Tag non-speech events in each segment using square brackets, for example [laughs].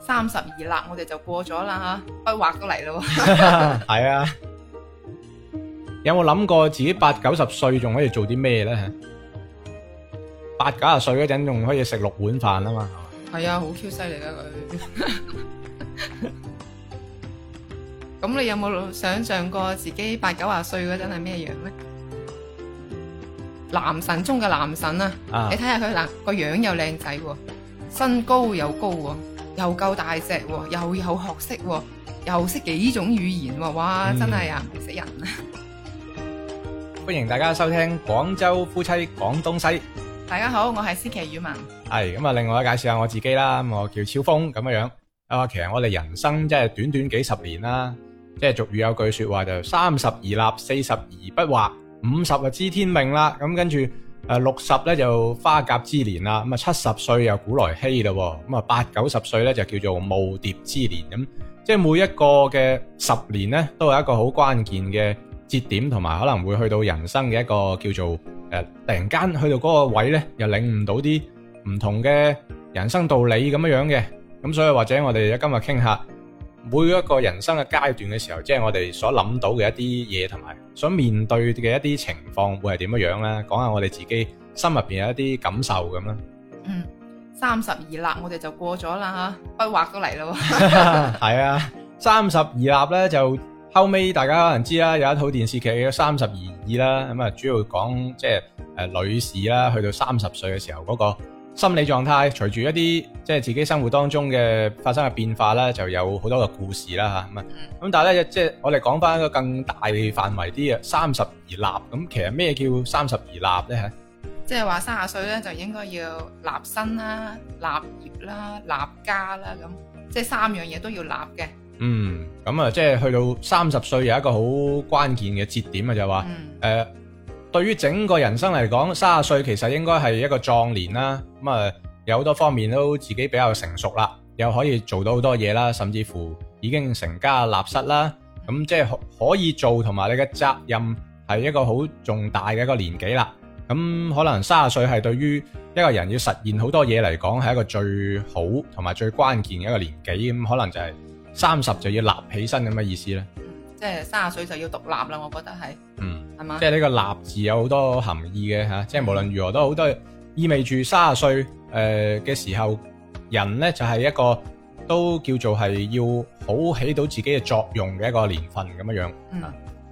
三十二啦，我哋就過咗啦吓，開畫都嚟咯。係 [laughs] 啊， [laughs] 有冇諗過自己八九十歲仲可以做啲咩咧？八九十歲嗰陣仲可以食六碗飯啊嘛，係啊，好 Q 犀利啊佢。咁 [laughs] [laughs] [laughs] 你有冇想象過自己八九十歲嗰陣係咩樣咧？男神中嘅男神啊，ah. 你睇下佢男個樣又靚仔喎。身高又高喎，又夠大隻喎，又有學識喎，又識幾種語言喎，哇！嗯、真係啊，唔死人啊！歡迎大家收聽《廣州夫妻廣東西》。大家好，我係思琪語文。係咁啊！另外一介紹下我自己啦，咁我叫超峰咁樣樣啊。其實我哋人生即係短短幾十年啦，即係俗語有句說話就三十而立，四十而不惑，五十就知天命啦。咁跟住。誒，六十咧，就花甲之年啦，咁啊七十歲又古來稀咯，咁啊八九十歲咧，就叫做耄耋之年咁，即係每一個嘅十年咧，都係一個好關鍵嘅節點，同埋可能會去到人生嘅一個叫做誒、呃，突然間去到嗰個位咧，又領悟到啲唔同嘅人生道理咁樣樣嘅，咁所以或者我哋今日傾下。每一個人生嘅階段嘅時候，即係我哋所諗到嘅一啲嘢，同埋所面對嘅一啲情況，會係點樣樣咧？講下我哋自己心入邊有一啲感受咁啦。嗯，三十而立，我哋就過咗啦嚇，不惑都嚟咯。係啊，三十而立咧，就後尾大家可能知啦，有一套電視劇叫《三十而已》啦，咁啊主要講即係誒女士啦，去到三十歲嘅時候嗰個。心理狀態隨住一啲即係自己生活當中嘅發生嘅變化啦，就有好多個故事啦嚇。咁、嗯、但係咧，即係我哋講翻一個更大範圍啲嘅三十而立。咁其實咩叫三十而立咧？嚇，即係話三十歲咧，就應該要立身啦、立業啦、立家啦，咁即係三樣嘢都要立嘅、嗯。嗯，咁啊，即係去到三十歲有一個好關鍵嘅節點啊，就係話誒。呃對於整個人生嚟講，三十歲其實應該係一個壯年啦。咁、嗯、啊，有好多方面都自己比較成熟啦，又可以做到好多嘢啦，甚至乎已經成家立室啦。咁、嗯、即係可以做同埋你嘅責任係一個好重大嘅一個年紀啦。咁、嗯、可能三十歲係對於一個人要實現好多嘢嚟講係一個最好同埋最關鍵嘅一個年紀。咁、嗯、可能就係三十就要立起身咁嘅意思咧。嗯，即係三十歲就要獨立啦。我覺得係。嗯。即係呢個立字有好多含義嘅吓，即係無論如何都好，都意味住卅歲誒嘅時候，人咧就係、是、一個都叫做係要好起到自己嘅作用嘅一個年份咁樣樣。嗯，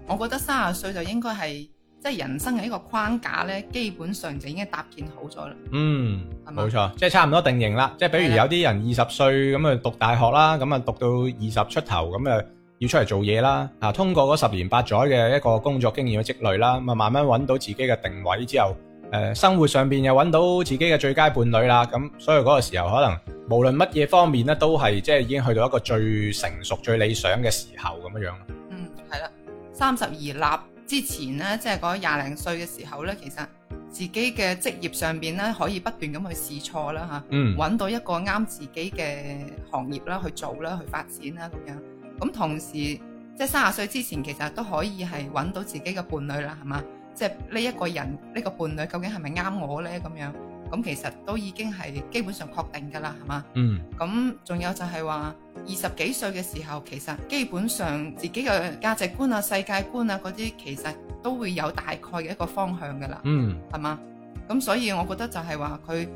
我覺得卅歲就應該係即係人生嘅一個框架咧，基本上就已經搭建好咗啦。嗯，冇錯嗎，即係差唔多定型啦。即係比如有啲人二十歲咁啊讀大學啦，咁啊讀到二十出頭咁啊。要出嚟做嘢啦，啊！通過十年八載嘅一個工作經驗嘅積累啦，咪、啊、慢慢搵到自己嘅定位之後，誒、呃，生活上邊又搵到自己嘅最佳伴侶啦，咁、啊啊、所以嗰個時候可能無論乜嘢方面咧，都係即係已經去到一個最成熟、最理想嘅時候咁樣樣。嗯，係啦，三十而立之前呢，即係嗰廿零歲嘅時候呢，其實自己嘅職業上邊呢，可以不斷咁去試錯啦，吓、啊，搵、嗯、到一個啱自己嘅行業啦，去做啦，去發展啦咁樣。咁同時，即三十歲之前，其實都可以係揾到自己嘅伴侶啦，係嘛？即係呢一個人，呢個伴侶究竟係咪啱我咧？咁樣，咁其實都已經係基本上確定㗎啦，係嘛？嗯。咁仲有就係話二十幾歲嘅時候，其實基本上自己嘅價值觀啊、世界觀啊嗰啲，其實都會有大概嘅一個方向㗎啦。嗯。係嘛？咁所以我覺得就係話佢立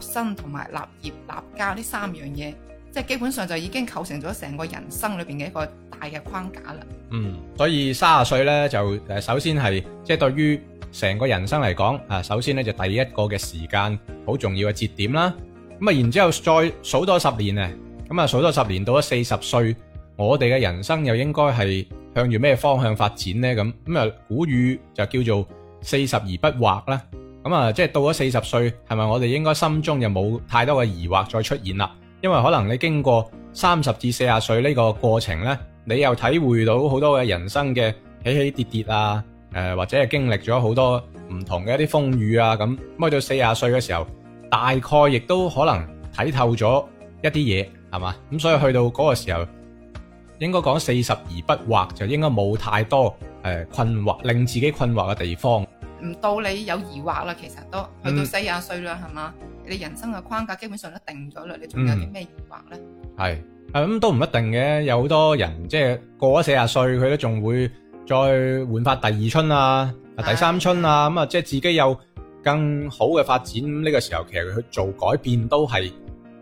身同埋立業、立家呢三樣嘢。即係基本上就已經構成咗成個人生裏邊嘅一個大嘅框架啦。嗯，所以三十歲呢，就誒、就是，首先係即係對於成個人生嚟講，啊，首先呢，就第一個嘅時間好重要嘅節點啦。咁啊，然之後再數多十年啊，咁、嗯、啊，數多十年到咗四十歲，我哋嘅人生又應該係向住咩方向發展呢？咁咁啊，古語就叫做四十而不惑啦。咁、嗯、啊、嗯，即係到咗四十歲，係咪我哋應該心中就冇太多嘅疑惑再出現啦？因為可能你經過三十至四十歲呢個過程呢，你又體會到好多嘅人生嘅起起跌跌啊，誒、呃、或者係經歷咗好多唔同嘅一啲風雨啊，咁，去到四十歲嘅時候，大概亦都可能睇透咗一啲嘢，係嘛？咁，所以去到嗰個時候，應該講四十而不惑，就應該冇太多誒、呃、困惑，令自己困惑嘅地方。唔到你有疑惑啦，其實都去到四十歲啦，係嘛？你人生嘅框架基本上都定咗啦，你仲有啲咩疑惑咧？係咁都唔一定嘅，有好多人即係過咗四十歲，佢都仲會再煥發第二春啊、第三春啊，咁啊，即係自己有更好嘅發展。咁呢個時候其實佢去做改變都係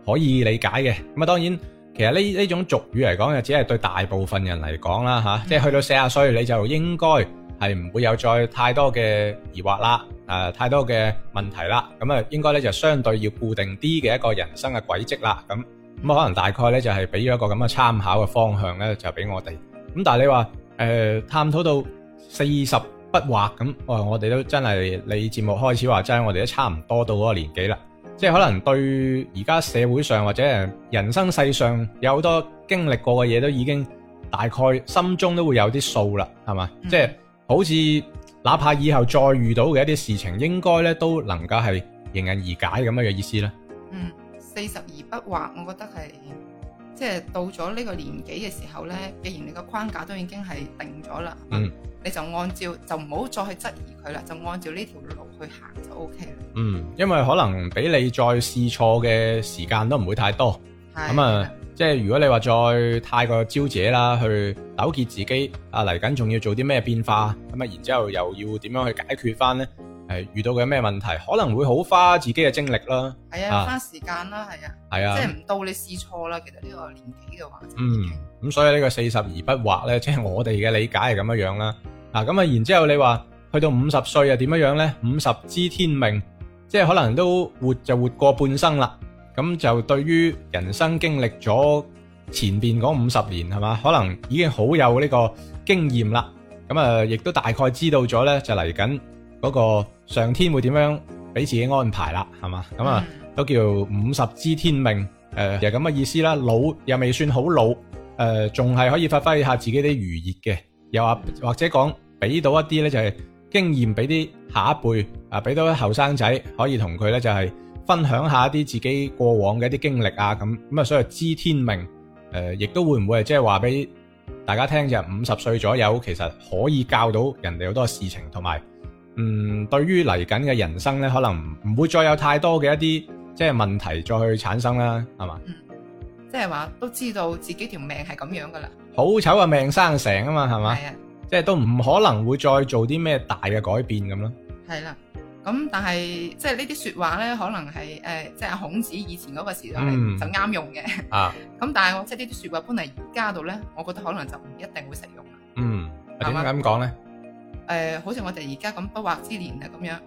可以理解嘅。咁啊，當然其實呢呢種俗語嚟講，就只係對大部分人嚟講啦嚇。即係去到四十歲，你就應該。係唔會有再太多嘅疑惑啦，誒、啊、太多嘅問題啦，咁、嗯、啊應該咧就相對要固定啲嘅一個人生嘅軌跡啦，咁、嗯、咁、嗯、可能大概咧就係俾咗一個咁嘅參考嘅方向咧，就俾我哋。咁、嗯、但係你話誒、呃、探討到四十不惑咁，哇、嗯哎！我哋都真係你節目開始話，真係我哋都差唔多到嗰個年紀啦，即係可能對而家社會上或者人生世上有好多經歷過嘅嘢，都已經大概心中都會有啲數啦，係嘛？嗯、即係。好似哪怕以後再遇到嘅一啲事情，應該咧都能夠係迎刃而解咁樣嘅意思咧。嗯，四十而不惑，我覺得係即係到咗呢個年紀嘅時候咧，既然你個框架都已經係定咗啦，嗯，你就按照就唔好再去質疑佢啦，就按照呢條路去行就 OK 啦。嗯，因為可能俾你再試錯嘅時間都唔會太多，係咁啊。即係如果你話再太過招姐啦，去糾結自己啊嚟緊仲要做啲咩變化，咁啊然之後又要點樣去解決翻咧？係遇到嘅咩問題，可能會好花自己嘅精力啦。係啊，啊花時間啦，係啊，係啊，即係唔到你試錯啦。其實呢個年紀嘅話，嗯，咁所以呢個四十而不惑咧，即係我哋嘅理解係咁樣樣啦。嗱，咁啊然之後你話去到五十歲又點樣樣咧？五十知天命，即係可能都活就活過半生啦。咁就對於人生經歷咗前邊嗰五十年係嘛，可能已經好有呢個經驗啦。咁啊，亦、呃、都大概知道咗呢，就嚟緊嗰個上天會點樣俾自己安排啦，係嘛？咁啊，呃嗯、都叫五十知天命，誒、呃，係咁嘅意思啦。老又未算好老，誒、呃，仲係可以發揮下自己啲餘熱嘅。又話，或者講俾到一啲呢，就係、是、經驗俾啲下一輩啊，俾到啲後生仔可以同佢呢，就係、是。分享下一啲自己過往嘅一啲經歷啊，咁咁啊，所謂知天命，誒、呃，亦都會唔會係即係話俾大家聽，就五十歲左右，其實可以教到人哋好多事情，同埋，嗯，對於嚟緊嘅人生咧，可能唔會再有太多嘅一啲即係問題再去產生啦，係嘛？嗯，即係話都知道自己條命係咁樣噶啦。好醜啊，命生成啊嘛，係嘛？係啊，即係都唔可能會再做啲咩大嘅改變咁咯，係啦、啊。咁、嗯、但係即係呢啲説話咧，可能係誒、呃，即係孔子以前嗰個時代就啱用嘅。咁、嗯啊、但係即係呢啲説話搬嚟而家度咧，我覺得可能就唔一定會實用。嗯，點解咁講咧？誒吧、呃，好似我哋而家咁不惑之年啊咁樣，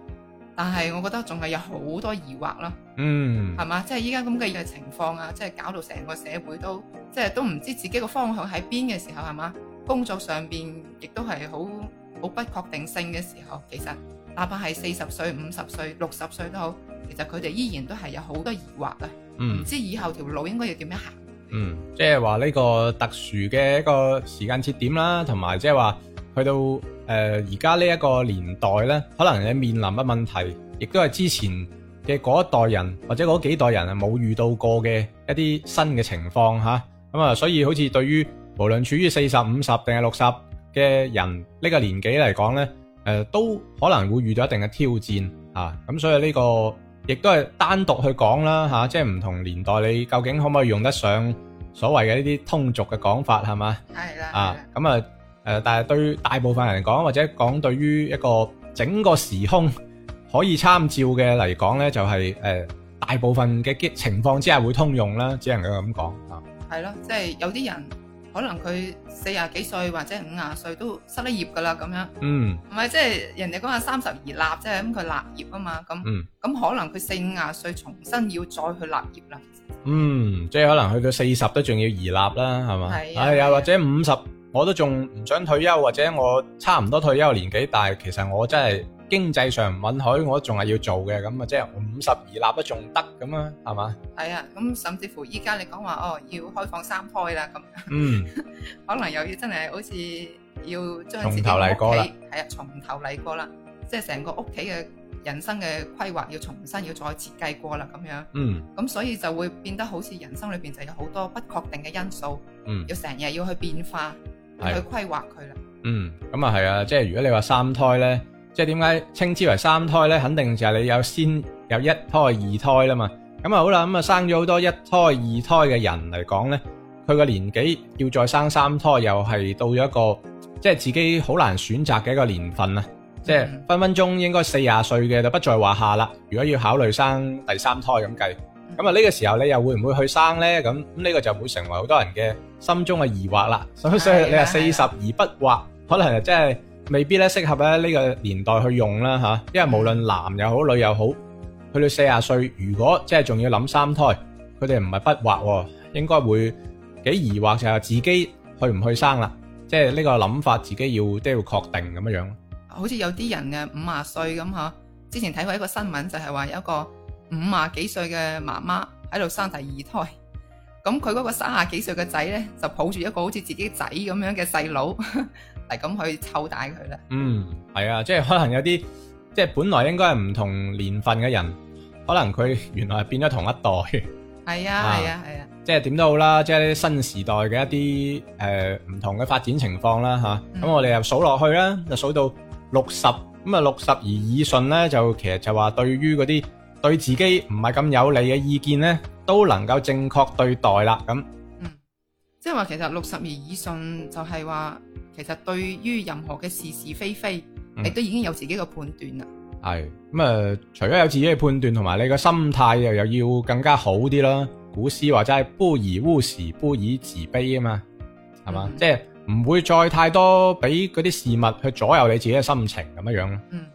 但係我覺得仲係有好多疑惑咯。嗯，係嘛？即係依家咁嘅情況啊，即係搞到成個社會都即係都唔知自己個方向喺邊嘅時候，係嘛？工作上面亦都係好好不確定性嘅時候，其實。哪怕係四十歲、五十歲、六十歲都好，其實佢哋依然都係有好多疑惑啊！嗯，唔知以後條路應該要點樣行？嗯，即係話呢個特殊嘅一個時間節點啦，同埋即係話去到誒而家呢一個年代咧，可能你面臨嘅問題，亦都係之前嘅嗰一代人或者嗰幾代人係冇遇到過嘅一啲新嘅情況吓，咁啊、嗯，所以好似對於無論處於四十、五十定係六十嘅人呢個年紀嚟講咧。誒、呃，都可能會遇到一定嘅挑戰吓，咁、啊、所以呢、這個亦都係單獨去講啦吓，即係唔同年代你究竟可唔可以用得上所謂嘅呢啲通俗嘅講法係嘛？係啦，啊，咁啊，誒的、啊，但係對大部分人嚟講，或者講對於一個整個時空可以參照嘅嚟講呢就係、是、誒、呃，大部分嘅機情況之下會通用啦，只能夠咁講啊。係咯，即、就、係、是、有啲人。可能佢四十幾歲或者五十歲都失咗業噶啦咁樣，唔係即係人哋講話三十而立，即係咁佢立業啊嘛，咁咁、嗯、可能佢四五十歲重新要再去立業啦。嗯，即係可能去到四十都仲要而立啦，係嘛？係啊，哎、呀啊或者五十我都仲唔想退休，或者我差唔多退休年紀，但係其實我真係。經濟上唔允許，我仲係要做嘅，咁啊，即係五十而立都仲得咁啊，係嘛？係啊，咁甚至乎依家你講話哦，要開放三胎啦，咁嗯，可能又要真係好似要將自己屋企係啊，從頭嚟過啦，即係成個屋企嘅人生嘅規劃要重新要再設計過啦，咁樣嗯，咁所以就會變得好似人生裏邊就有好多不確定嘅因素，嗯，要成日要去變化去規劃佢啦，嗯，咁啊係啊，即係如果你話三胎咧。即係點解稱之為三胎咧？肯定就係你有先有一胎、二胎啦嘛。咁啊好啦，咁啊生咗好多一胎、二胎嘅人嚟講咧，佢個年紀要再生三胎，又係到咗一個即係、就是、自己好難選擇嘅一個年份啊！嗯、即係分分鐘應該四廿歲嘅就不再話下啦，不在話下。如果要考慮生第三胎咁計，咁啊呢個時候你又會唔會去生咧？咁呢個就會成為好多人嘅心中嘅疑惑啦。所、嗯、所以你話四十而不惑，嗯、可能就真係。未必咧適合咧呢個年代去用啦，吓，因為無論男又好女又好，去到四十歲，如果即係仲要諗三胎，佢哋唔係不惑，哦，應該會幾疑惑就係自己去唔去生啦，即係呢個諗法，自己要都要確定咁樣樣。好似有啲人嘅五十歲咁吓，之前睇過一個新聞，就係話有一個五十幾歲嘅媽媽喺度生第二胎，咁佢嗰個三十幾歲嘅仔咧就抱住一個好似自己仔咁樣嘅細佬。 [laughs] 係咁可以抽大佢咧？嗯，係啊，即係可能有啲，即係本來應該係唔同年份嘅人，可能佢原來係變咗同一代。係啊，係啊，係啊。即係點都好啦，即係新時代嘅一啲誒唔同嘅發展情況啦，吓、啊。咁、嗯、我哋又數落去啦，就數到六十、嗯，咁啊六十而耳順咧，就其實就話對於嗰啲對自己唔係咁有利嘅意見咧，都能夠正確對待啦，咁、嗯。即係話其實六十而耳順就係話，其實對於任何嘅是是非非，你、嗯、都已經有自己嘅判斷啦。係咁啊，除咗有自己嘅判斷，同埋你嘅心態又又要更加好啲啦。古詩話齋不以物喜，不以己悲」啊嘛，係嘛、嗯，即係唔會再太多俾嗰啲事物去左右你自己嘅心情咁樣樣咯。嗯，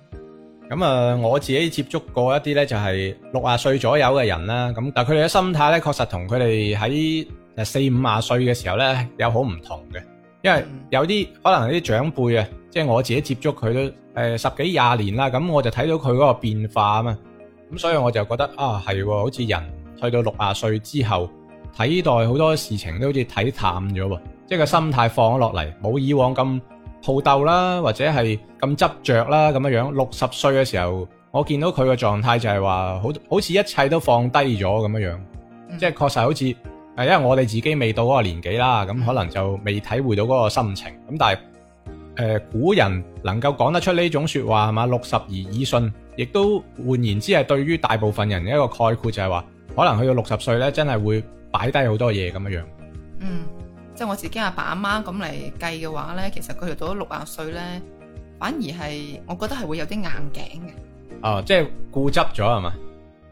咁啊、嗯，我自己接觸過一啲咧，就係六啊歲左右嘅人啦。咁嗱，佢哋嘅心態咧，確實同佢哋喺。四五廿歲嘅時候呢，有好唔同嘅，因為有啲可能有啲長輩啊，即係我自己接觸佢都誒、呃、十幾廿年啦，咁我就睇到佢嗰個變化啊嘛，咁所以我就覺得啊係好似人去到六廿歲之後，睇待好多事情都好似睇淡咗喎，即係個心態放咗落嚟，冇以往咁好鬥啦，或者係咁執着啦咁樣樣。六十歲嘅時候，我見到佢個狀態就係話好好似一切都放低咗咁樣樣，即係確實好似。誒，因為我哋自己未到嗰個年紀啦，咁可能就未體會到嗰個心情。咁但係誒、呃，古人能夠講得出呢種說話係嘛，六十而耳順，亦都換言之係對於大部分人嘅一個概括，就係話可能去到六十歲咧，真係會擺低好多嘢咁樣樣。嗯，即係我自己阿爸阿媽咁嚟計嘅話咧，其實佢哋到咗六啊歲咧，反而係我覺得係會有啲硬頸嘅。啊、哦，即係固執咗係嘛？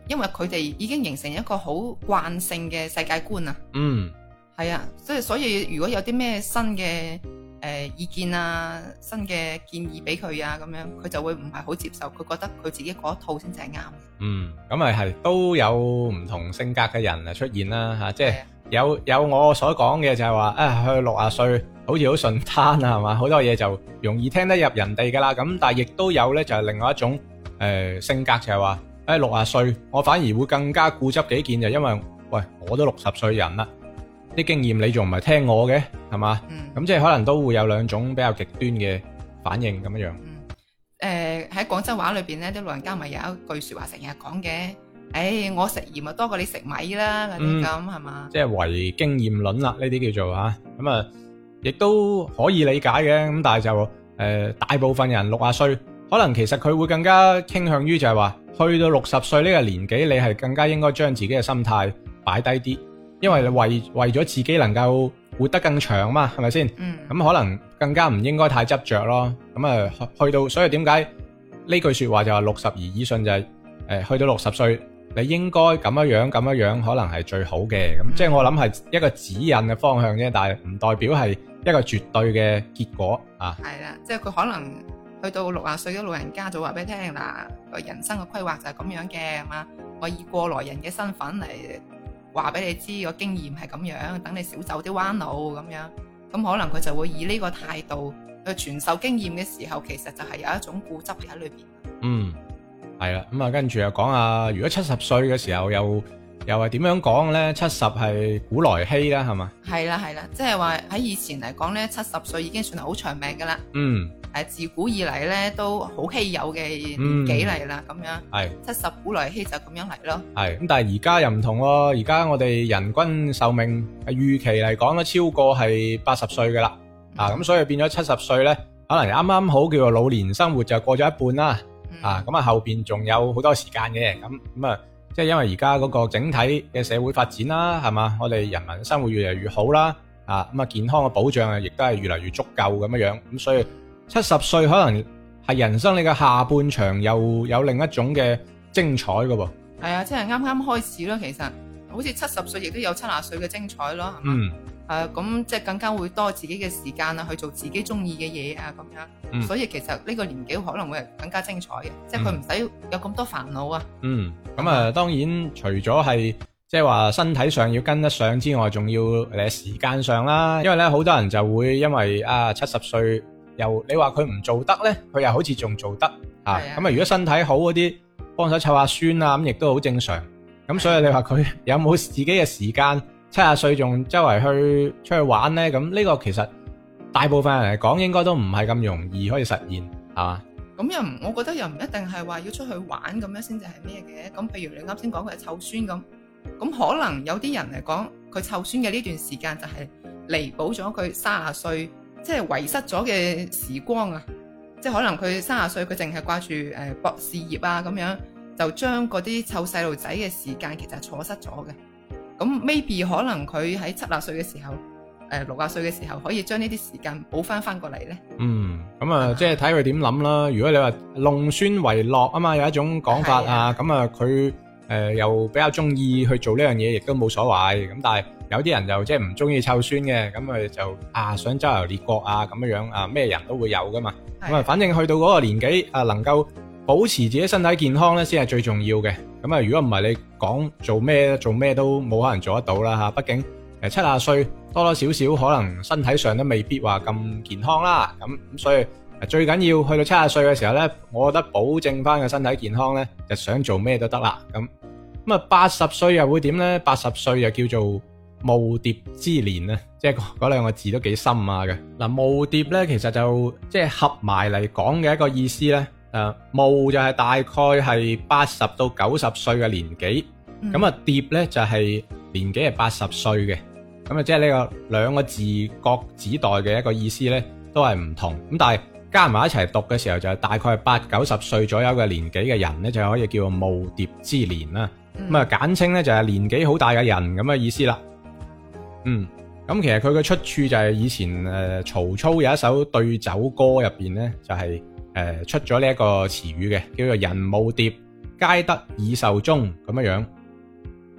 因為佢哋已經形成一個好慣性嘅世界觀啊，嗯，係啊，即係所以如果有啲咩新嘅誒意見啊，新嘅建議俾佢啊，咁樣佢就會唔係好接受，佢覺得佢自己嗰一套先至係啱。嗯，咁咪係都有唔同性格嘅人嚟出現啦，吓，即係有有我所講嘅就係話啊，去六啊歲好似好順攤啊，係嘛，好多嘢就容易聽得入人哋噶啦，咁但係亦都有咧就係另外一種誒性格就係話。誒，六十歲，我反而會更加固執己見就，因為喂，我都六十歲人啦，啲經驗你仲唔係聽我嘅，係嘛？咁即係可能都會有兩種比較極端嘅反應咁樣樣。嗯，誒，喺廣州話裏邊咧，啲老人家咪有一句說話成日講嘅，誒，我食鹽啊多過你食米啦，咁係嘛？即係唯經驗論啦，呢啲叫做吓，咁啊，亦都可以理解嘅，咁但係就誒，大部分人六十歲。可能其實佢會更加傾向於就係話，去到六十歲呢個年紀，你係更加應該將自己嘅心態擺低啲，因為你為為咗自己能夠活得更長嘛，係咪先？咁、嗯嗯、可能更加唔應該太執着咯。咁、嗯、啊，去到所以點解呢句説話就話六十而耳順就係、是、誒、呃，去到六十歲，你應該咁樣樣咁樣樣，樣可能係最好嘅。咁、嗯嗯、即係我諗係一個指引嘅方向啫，但係唔代表係一個絕對嘅結果啊。係啦，即係佢可能。去到六十歲嘅老人家就話俾你聽嗱，個人生嘅規劃就係咁樣嘅，咁啊，我以過來人嘅身份嚟話俾你知，個經驗係咁樣，等你少走啲彎路咁樣，咁可能佢就會以呢個態度去傳授經驗嘅時候，其實就係有一種固執喺裡邊。嗯，係啦，咁啊，跟住又講下，如果七十歲嘅時候又又係點樣講咧？七十係古來稀啦，係嘛？係啦係啦，即係話喺以前嚟講咧，七十歲已經算係好長命噶啦。嗯。誒自古以嚟咧都好稀有嘅幾例啦，咁樣、mm, 對七十古來稀就咁樣嚟咯。係咁，但係而家又唔同喎。而家我哋人均壽命係預期嚟講都超過係八十歲嘅啦。啊咁，所以變咗七十歲咧，可能啱啱好叫做老年生活就過咗一半啦。啊咁啊，後邊仲有好多時間嘅咁，咁啊，即係因為而家嗰個整體嘅社會發展啦，係嘛？我哋人民生活越嚟越好啦。啊咁啊，健康嘅保障啊，亦都係越嚟越足夠咁樣樣，咁，所以。七十歲可能係人生你嘅下半場又，又有另一種嘅精彩噶噃，啊。係啊，即係啱啱開始咯。其實好似七十歲，亦都有七十歲嘅精彩咯。嗯。誒，咁、啊、即係更加會多自己嘅時間啊，去做自己中意嘅嘢啊，咁樣。嗯、所以其實呢個年紀可能會更加精彩嘅，嗯、即係佢唔使有咁多煩惱啊。嗯。咁啊，吧當然除咗係即係話身體上要跟得上之外，仲要誒時間上啦。因為咧，好多人就會因為啊七十歲。又你話佢唔做得咧，佢又好似仲做得啊！咁啊，如果身體好嗰啲，幫手湊下孫啊，咁亦都好正常。咁、啊、所以你話佢有冇自己嘅時間？七啊歲仲周圍去出去玩咧？咁呢個其實大部分人嚟講，應該都唔係咁容易可以實現，係嘛？咁又唔，我覺得又唔一定係話要出去玩咁樣先至係咩嘅。咁譬如你啱先講佢湊孫咁，咁可能有啲人嚟講，佢湊孫嘅呢段時間就係彌補咗佢卅歲。即係遺失咗嘅時光啊！即係可能佢三十歲佢淨係掛住誒博事業啊咁樣，就將嗰啲湊細路仔嘅時間其實係錯失咗嘅。咁 maybe 可能佢喺七十歲嘅時候，誒六十歲嘅時候，可以將呢啲時間補翻翻過嚟咧。嗯，咁啊，即係睇佢點諗啦。如果你話弄孫為樂啊嘛，有一種講法啊，咁的啊佢誒、啊呃、又比較中意去做呢樣嘢，亦都冇所謂。咁但係。有啲人就即係唔中意湊孫嘅，咁佢就啊想周遊列國啊，咁樣樣啊咩人都會有㗎嘛。咁啊的，反正去到嗰個年紀啊，能夠保持自己身體健康咧，先係最重要嘅。咁啊，如果唔係你講做咩做咩都冇可能做得到啦，吓。畢竟誒七啊歲多多少少可能身體上都未必話咁健康啦。咁咁所以最緊要去到七啊歲嘅時候咧，我覺得保證翻個身體健康咧，就想做咩都得啦。咁咁啊，八十歲又會點咧？八十歲又叫做？耄耋之年咧，即係嗰兩個字都幾深啊嘅嗱。耄耋咧，其實就即係、就是、合埋嚟講嘅一個意思咧。誒、啊，耄就係大概係八十到九十歲嘅年紀，咁啊、嗯嗯，耋咧就係、是、年紀係八十歲嘅，咁啊，即係呢個兩個字各自代嘅一個意思咧，都係唔同咁。但係加埋一齊讀嘅時候，就係大概係八九十歲左右嘅年紀嘅人咧，就可以叫做耄耋之年啦。咁啊、嗯，嗯、簡稱咧就係、是、年紀好大嘅人咁嘅意思啦。嗯，咁、嗯、其實佢嘅出處就係以前誒、呃、曹操有一首對酒歌入邊咧，就係、是、誒、呃、出咗呢一個詞語嘅，叫做人耄耋皆得以壽終咁樣樣。誒、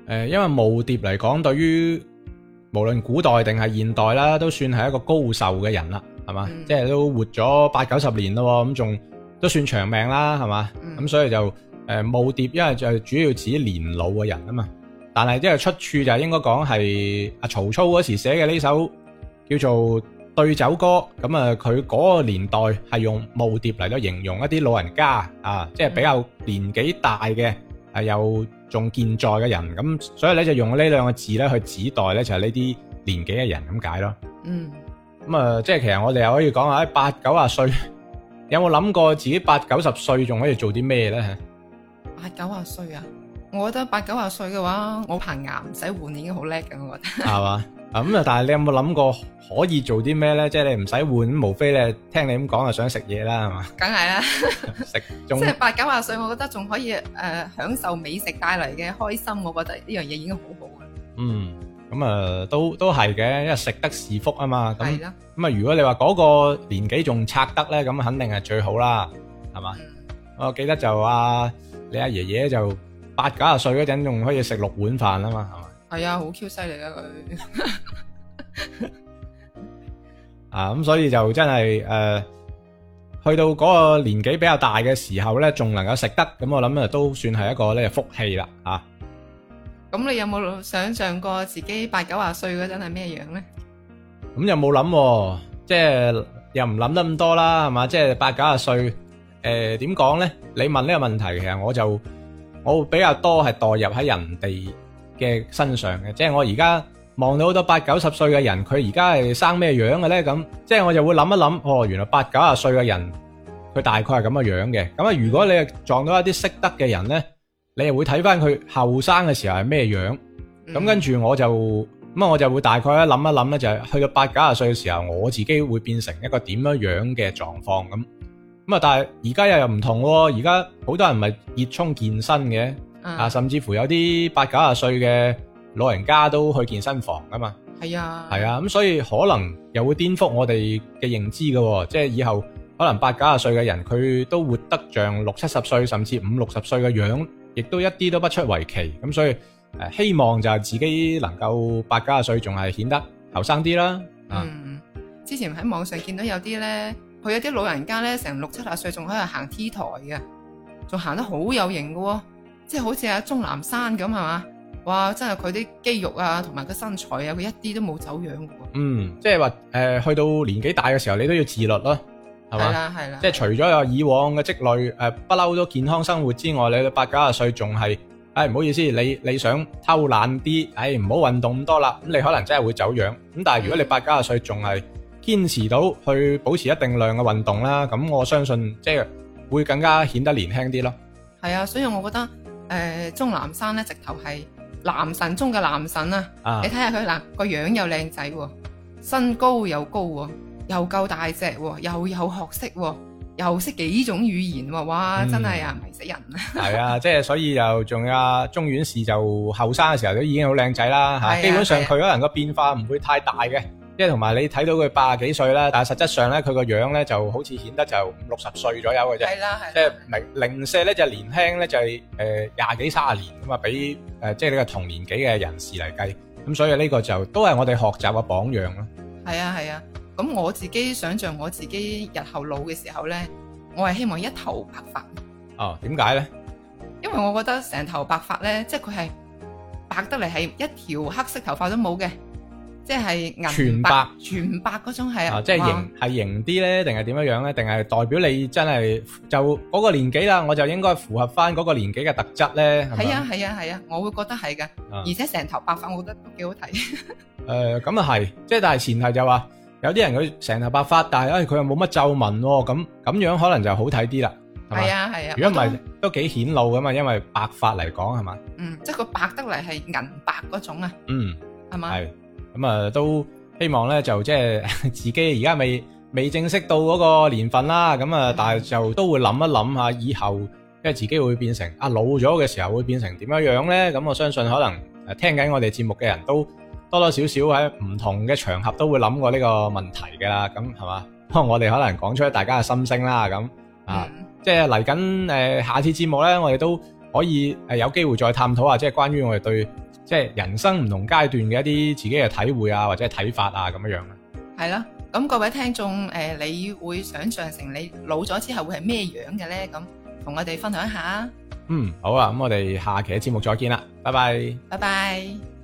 呃，因為耄耋嚟講，對於無論古代定係現代啦，都算係一個高壽嘅人啦，係嘛？嗯、即係都活咗八九十年咯，咁仲都算長命啦，係嘛？咁、嗯嗯、所以就誒、呃、耄耋，因為就係主要指年老嘅人啊嘛。但係即係出處就應該講係阿曹操嗰時寫嘅呢首叫做《對酒歌》，咁啊佢嗰個年代係用耄耋嚟到形容一啲老人家、嗯、啊，即、就、係、是、比較年紀大嘅，係有仲健在嘅人，咁所以咧就用呢兩個字咧去指代咧就係呢啲年紀嘅人咁解咯。嗯，咁啊、嗯、即係其實我哋又可以講下，八九十歲，有冇諗過自己八九十歲仲可以做啲咩咧？八九十歲啊？我覺得八九十歲嘅話，我棚牙唔使換已經好叻嘅，我覺得係嘛，咁啊，但係你有冇諗過可以做啲咩咧？即係你唔使換，無非咧聽你咁講啊，想食嘢啦，係嘛？梗係啦，食即係八九十歲，我覺得仲可以誒享受美食帶嚟嘅開心，我覺得呢樣嘢已經好好嘅。嗯，咁啊，都都係嘅，因為食得是福啊嘛。係咁啊，如果你話嗰個年紀仲拆得咧，咁肯定係最好啦，係嘛？我記得就啊，你阿爺爺就。八九啊歲嗰陣仲可以食六碗飯啊嘛，係嘛？係啊，好 Q 犀利啊佢！啊，咁所以就真係誒，去到嗰個年紀比較大嘅時候咧，仲能夠食得，咁我諗啊都算係一個咧福氣啦啊！咁你有冇想象過自己八九啊歲嗰陣係咩樣咧？咁又冇諗，即係又唔諗得咁多啦，係嘛？即係八九啊歲，誒，點講咧？你問呢個問題，其實我就。我會比較多係代入喺人哋嘅身上嘅，即係我而家望到好多八九十歲嘅人，佢而家係生咩樣嘅咧？咁即係我就會諗一諗，哦，原來八九十歲嘅人佢大概係咁嘅樣嘅。咁啊，如果你撞到一啲識得嘅人咧，你又會睇翻佢後生嘅時候係咩樣？咁跟住我就咁啊，我就會大概想一諗一諗咧，就係去到八九十歲嘅時候，我自己會變成一個點樣樣嘅狀況咁。但係而家又又唔同喎，而家好多人咪熱衷健身嘅，嗯、啊，甚至乎有啲八九十歲嘅老人家都去健身房㗎嘛，係啊，係啊，咁所以可能又會顛覆我哋嘅認知㗎，即係以後可能八九十歲嘅人佢都活得像六七十歲，甚至五六十歲嘅樣，亦都一啲都不出為奇。咁所以誒，希望就係自己能夠八九十歲仲係顯得後生啲啦。嗯，啊、之前喺網上見到有啲咧。佢有啲老人家咧，成六七十歲仲喺度行 T 台嘅，仲行得好有型嘅、哦，即係好似阿鍾南山咁係嘛？哇！真係佢啲肌肉啊，同埋個身材啊，佢一啲都冇走樣嘅。嗯，即係話誒，去到年紀大嘅時候，你都要自律咯，係嘛？係啦，係啦。即係除咗有以往嘅積累誒，不嬲都健康生活之外，你到八九十歲仲係，誒、哎、唔好意思，你你想偷懶啲，誒唔好運動咁多啦，咁你可能真係會走樣。咁但係如果你八九十歲仲係。堅持到去保持一定量嘅運動啦，咁我相信即係會更加顯得年輕啲咯。係啊，所以我覺得誒呃、鍾南山咧直頭係男神中嘅男神啊！啊你睇下佢嗱個樣又靚仔喎，身高又高喎，又夠大隻喎，又有學識喎，又識幾種語言喎，哇！嗯、真係啊，迷死人啊！係 [laughs] 啊，即係所以又仲有鍾院士就後生嘅時候都已經好靚仔啦嚇，啊、基本上佢可能個變化唔會太大嘅。即係同埋你睇到佢八十幾歲啦，但係實質上咧佢個樣咧就好似顯得就五六十歲左右嘅啫。係啦係。即係零零舍咧就年輕咧就係誒廿幾卅年咁啊，比誒即係你個同年紀嘅人士嚟計，咁所以呢個就都係我哋學習嘅榜樣咯。係啊係啊，咁我自己想象我自己日後老嘅時候咧，我係希望一頭白髮。哦，點解咧？因為我覺得成頭白髮咧，即係佢係白得嚟係一條黑色頭髮都冇嘅。即係銀白，全白嗰種係啊，即係型係型啲咧，定係點樣樣咧？定係代表你真係就嗰個年紀啦，我就應該符合翻嗰個年紀嘅特質咧。係啊係啊係啊，我會覺得係噶，而且成頭白髮，我覺得都幾好睇。誒，咁啊係，即係但係前提就話，有啲人佢成頭白髮，但係咧佢又冇乜皺紋，咁咁樣可能就好睇啲啦。係啊係啊，如果唔係都幾顯露噶嘛，因為白髮嚟講係嘛。嗯，即係佢白得嚟係銀白嗰種啊。嗯，係嘛。咁啊、嗯，都希望咧，就即係自己而家未未正式到嗰個年份啦。咁啊，但係就都會諗一諗下，以後即係自己會變成啊老咗嘅時候，會變成點樣樣咧？咁我相信可能聽緊我哋節目嘅人都多多少少喺唔同嘅場合都會諗過呢個問題噶啦。咁係嘛？可能我哋可能講出大家嘅心聲啦。咁、嗯、啊，即係嚟緊誒，下次節目咧，我哋都可以誒，有機會再探討下，即係關於我哋對。即係人生唔同階段嘅一啲自己嘅體會啊，或者睇法啊，咁樣樣。係咯，咁各位聽眾，誒、呃，你會想象成你老咗之後會係咩樣嘅咧？咁同我哋分享一下。嗯，好啊，咁我哋下期嘅節目再見啦，拜拜。拜拜。